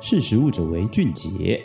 識食物者為俊傑。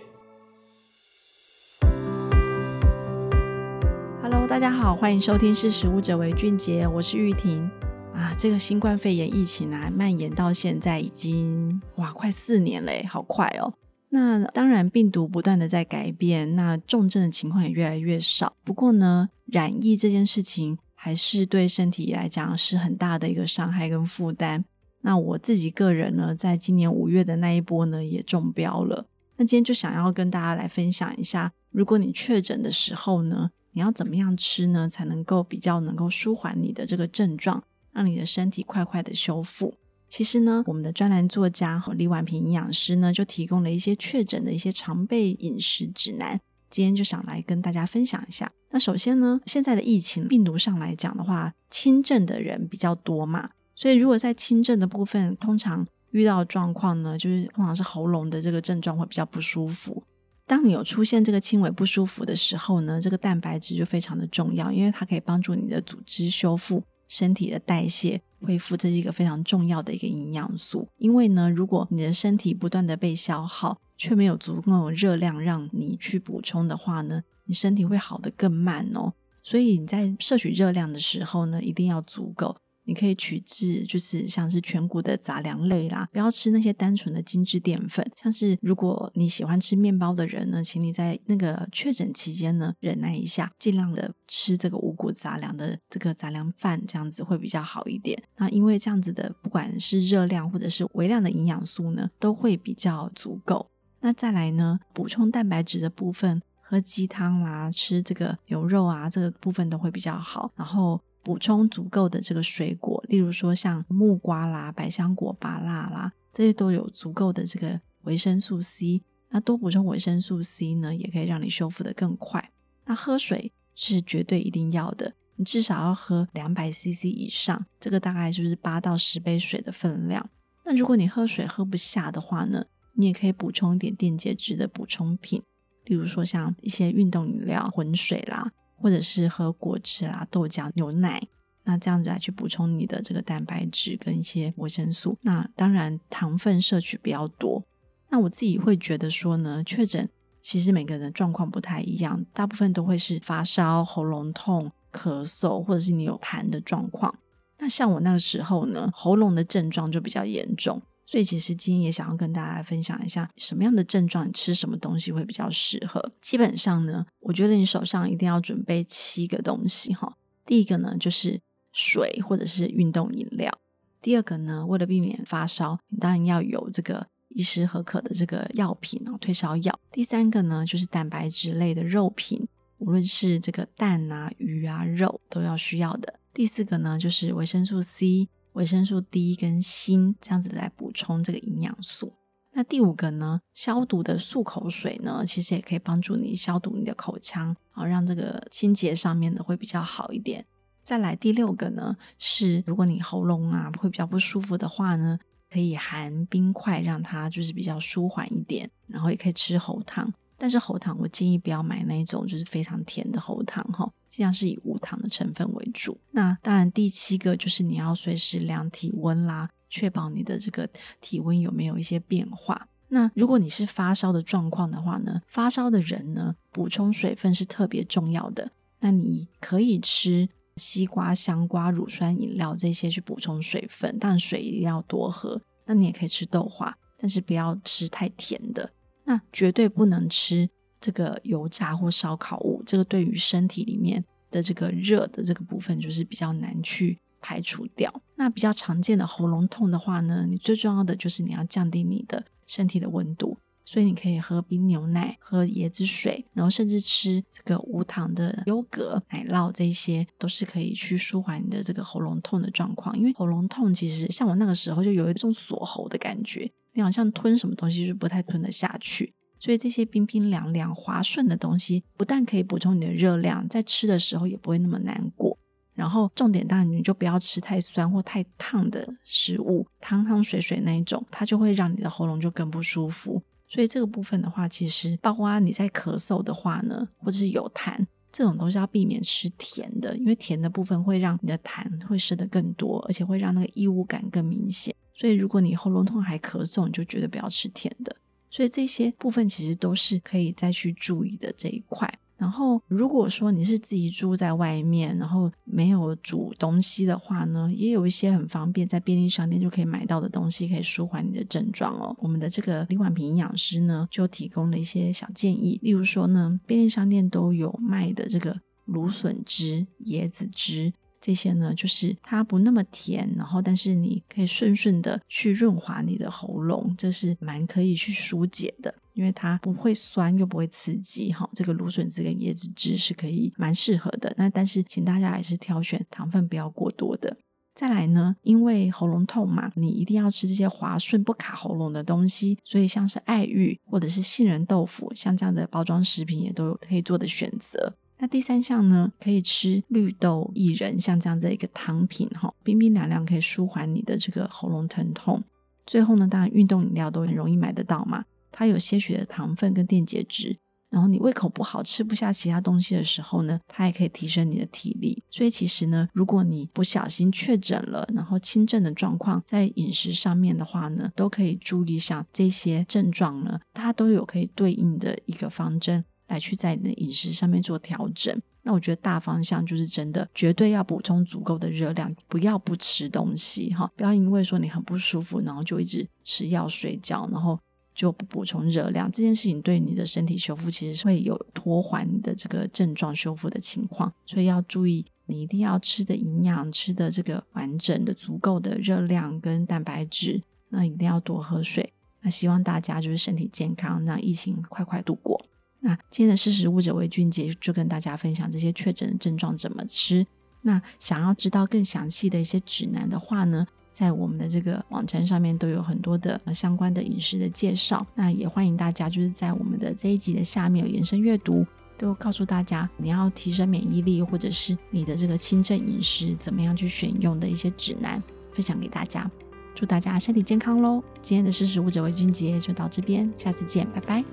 Hello，大家好，歡迎收聽《識食物者為俊傑》，我是玉婷。啊，這個新冠肺炎疫情啊，蔓延到現在已經，哇，快四年嘞，好快哦。那當然，病毒不斷的在改變，那重症的情況也越來越少。不過呢，染疫這件事情還是對身體來講是很大的一個傷害跟負擔。那我自己個人呢，在今年五月的那一波呢，也中標了。那今天就想要跟大家來分享一下，如果你確診的時候呢，你要怎麼樣吃呢，才能夠比較能夠舒緩你的這個症狀，讓你的身體快快的修復。其實呢，我們的專欄作家和李婉萍營養師呢，就提供了一些確診的一些常備飲食指南。今天就想來跟大家分享一下。那首先呢，現在的疫情病毒上來講的話，輕症的人比較多嘛。所以，如果在輕症的部分，通常遇到的狀況呢，就是通常是喉嚨的這個症狀會比較不舒服。當你有出現這個輕微不舒服的時候呢，這個蛋白質就非常的重要，因為它可以幫助你的組織修復、身體的代謝恢復，這是一個非常重要的一個營養素。因為呢，如果你的身體不斷地被消耗，卻沒有足夠的熱量讓你去補充的話呢，你身體會好得更慢哦。所以你在攝取熱量的時候呢，一定要足夠。你可以取自就是像是全穀的雜糧類啦，不要吃那些單純的精緻澱粉。像是如果你喜歡吃麵包的人呢，請你在那個確診期間呢，忍耐一下，盡量的吃這個五穀雜糧的這個雜糧飯，這樣子會比較好一點。那因為這樣子的不管是熱量或者是微量的營養素呢，都會比較足夠。那再來呢，補充蛋白質的部分，喝雞湯啦、啊，吃這個牛肉啊，這個部分都會比較好。然後。補充足夠的這個水果，例如說像木瓜啦、百香果、芭樂啦，這些都有足夠的這個維生素 C。那多補充維生素 C 呢，也可以讓你修復得更快。那喝水是絕對一定要的，你至少要喝兩百 CC 以上，這個大概就是八到十杯水的分量。那如果你喝水喝不下的話呢，你也可以補充一點電解質的補充品，例如說像一些運動飲料、混水啦。或者是喝果汁啦、豆漿、牛奶，那這樣子來去補充你的這個蛋白質跟一些維生素。那當然糖分攝取比較多。那我自己會覺得說呢，確診其實每個人的狀況不太一樣，大部分都會是發燒、喉嚨痛、咳嗽，或者是你有痰的狀況。那像我那個時候呢，喉嚨的症狀就比較嚴重。所以其實今天也想要跟大家分享一下，什麼樣的症狀吃什麼東西會比較適合。基本上呢，我覺得你手上一定要準備七個東西哈。第一個呢就是水或者是運動飲料。第二個呢，為了避免發燒，你當然要有這個醫師核可的這個藥品哦，退燒藥。第三個呢就是蛋白質類的肉品，無論是這個蛋啊、魚啊、肉都要需要的。第四個呢就是維生素 C。維生素 D 跟鋅這樣子來補充這個營養素。那第五個呢，消毒的漱口水呢，其實也可以幫助你消毒你的口腔啊，然後讓這個清潔上面的會比較好一點。再來第六個呢，是如果你喉嚨啊會比較不舒服的話呢，可以含冰塊讓它就是比較舒緩一點，然後也可以吃喉糖。但是喉糖，我建議不要買那種，就是非常甜的喉糖哈，盡量是以無糖的成分為主。那當然，第七個就是你要隨時量體溫啦，確保你的這個體溫有沒有一些變化。那如果你是發燒的狀況的話呢，發燒的人呢，補充水分是特別重要的。那你可以吃西瓜、香瓜、乳酸飲料這些去補充水分，但水一定要多喝。那你也可以吃豆花，但是不要吃太甜的。那絕對不能吃這個油炸或燒烤物，這個對於身體裡面的這個熱的這個部分就是比較難去排除掉。那比較常見的喉嚨痛的話呢，你最重要的就是你要降低你的身體的溫度，所以你可以喝冰牛奶、喝椰子水，然後甚至吃這個無糖的優格、奶酪，這些都是可以去舒緩你的這個喉嚨痛的狀況。因為喉嚨痛其實像我那個時候就有一種鎖喉的感覺。你好像吞什麼東西是不太吞得下去，所以這些冰冰涼涼、滑順的東西，不但可以補充你的熱量，在吃的時候也不會那麼難過。然後重點當然你就不要吃太酸或太燙的食物，湯湯水水那一種，它就會讓你的喉嚨就更不舒服。所以這個部分的話，其實包括你在咳嗽的話呢，或者是有痰這種東西，要避免吃甜的，因為甜的部分會讓你的痰會濕得更多，而且會讓那個異物感更明顯。所以，如果你喉嚨痛還咳嗽，你就絕對不要吃甜的。所以這些部分其實都是可以再去注意的這一塊。然後，如果說你是自己住在外面，然後沒有煮東西的話呢，也有一些很方便在便利商店就可以買到的東西，可以舒緩你的症狀哦。我們的這個李婉萍營養師呢，就提供了一些小建議，例如說呢，便利商店都有賣的這個蘆筍汁、椰子汁。這些呢，就是它不那麼甜，然後但是你可以順順的去潤滑你的喉嚨，這是蠻可以去疏解的，因為它不會酸又不會刺激哈。這個蘆筍汁跟椰子汁是可以蠻適合的。那但是請大家還是挑選糖分不要過多的。再來呢，因為喉嚨痛嘛，你一定要吃這些滑順不卡喉嚨的東西，所以像是愛玉或者是杏仁豆腐，像這樣的包裝食品也都有可以做的選擇。那第三項呢，可以吃綠豆薏仁，像這樣子的一個湯品，哈，冰冰涼涼可以舒緩你的這個喉嚨疼痛。最後呢，當然運動飲料都很容易買得到嘛，它有些許的糖分跟電解質，然後你胃口不好吃不下其他東西的時候呢，它也可以提升你的體力。所以其實呢，如果你不小心確診了，然後輕症的狀況，在飲食上面的話呢，都可以注意一下這些症狀呢，它都有可以對應的一個方針。才去在你的飲食上面做調整，那我覺得大方向就是真的絕對要補充足夠的熱量，不要不吃東西哈，不要因為說你很不舒服，然後就一直吃藥睡覺，然後就不補充熱量這件事情，對你的身體修復其實會有拖緩你的這個症狀修復的情況，所以要注意，你一定要吃的營養，吃的這個完整的足夠的熱量跟蛋白質，那一定要多喝水，那希望大家就是身體健康，讓疫情快快度過。那今天的識食物者為俊傑就跟大家分享這些確診的症狀怎麼吃。那想要知道更詳細的一些指南的話呢，在我們的這個網站上面都有很多的相關的飲食的介紹。那也歡迎大家就是在我們的這一集的下面有延伸閱讀，都告訴大家你要提升免疫力或者是你的這個輕症飲食怎麼樣去選用的一些指南分享給大家。祝大家身體健康嘍！今天的識食物者為俊傑就到這邊，下次見，拜拜。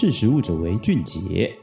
識食物者為俊傑。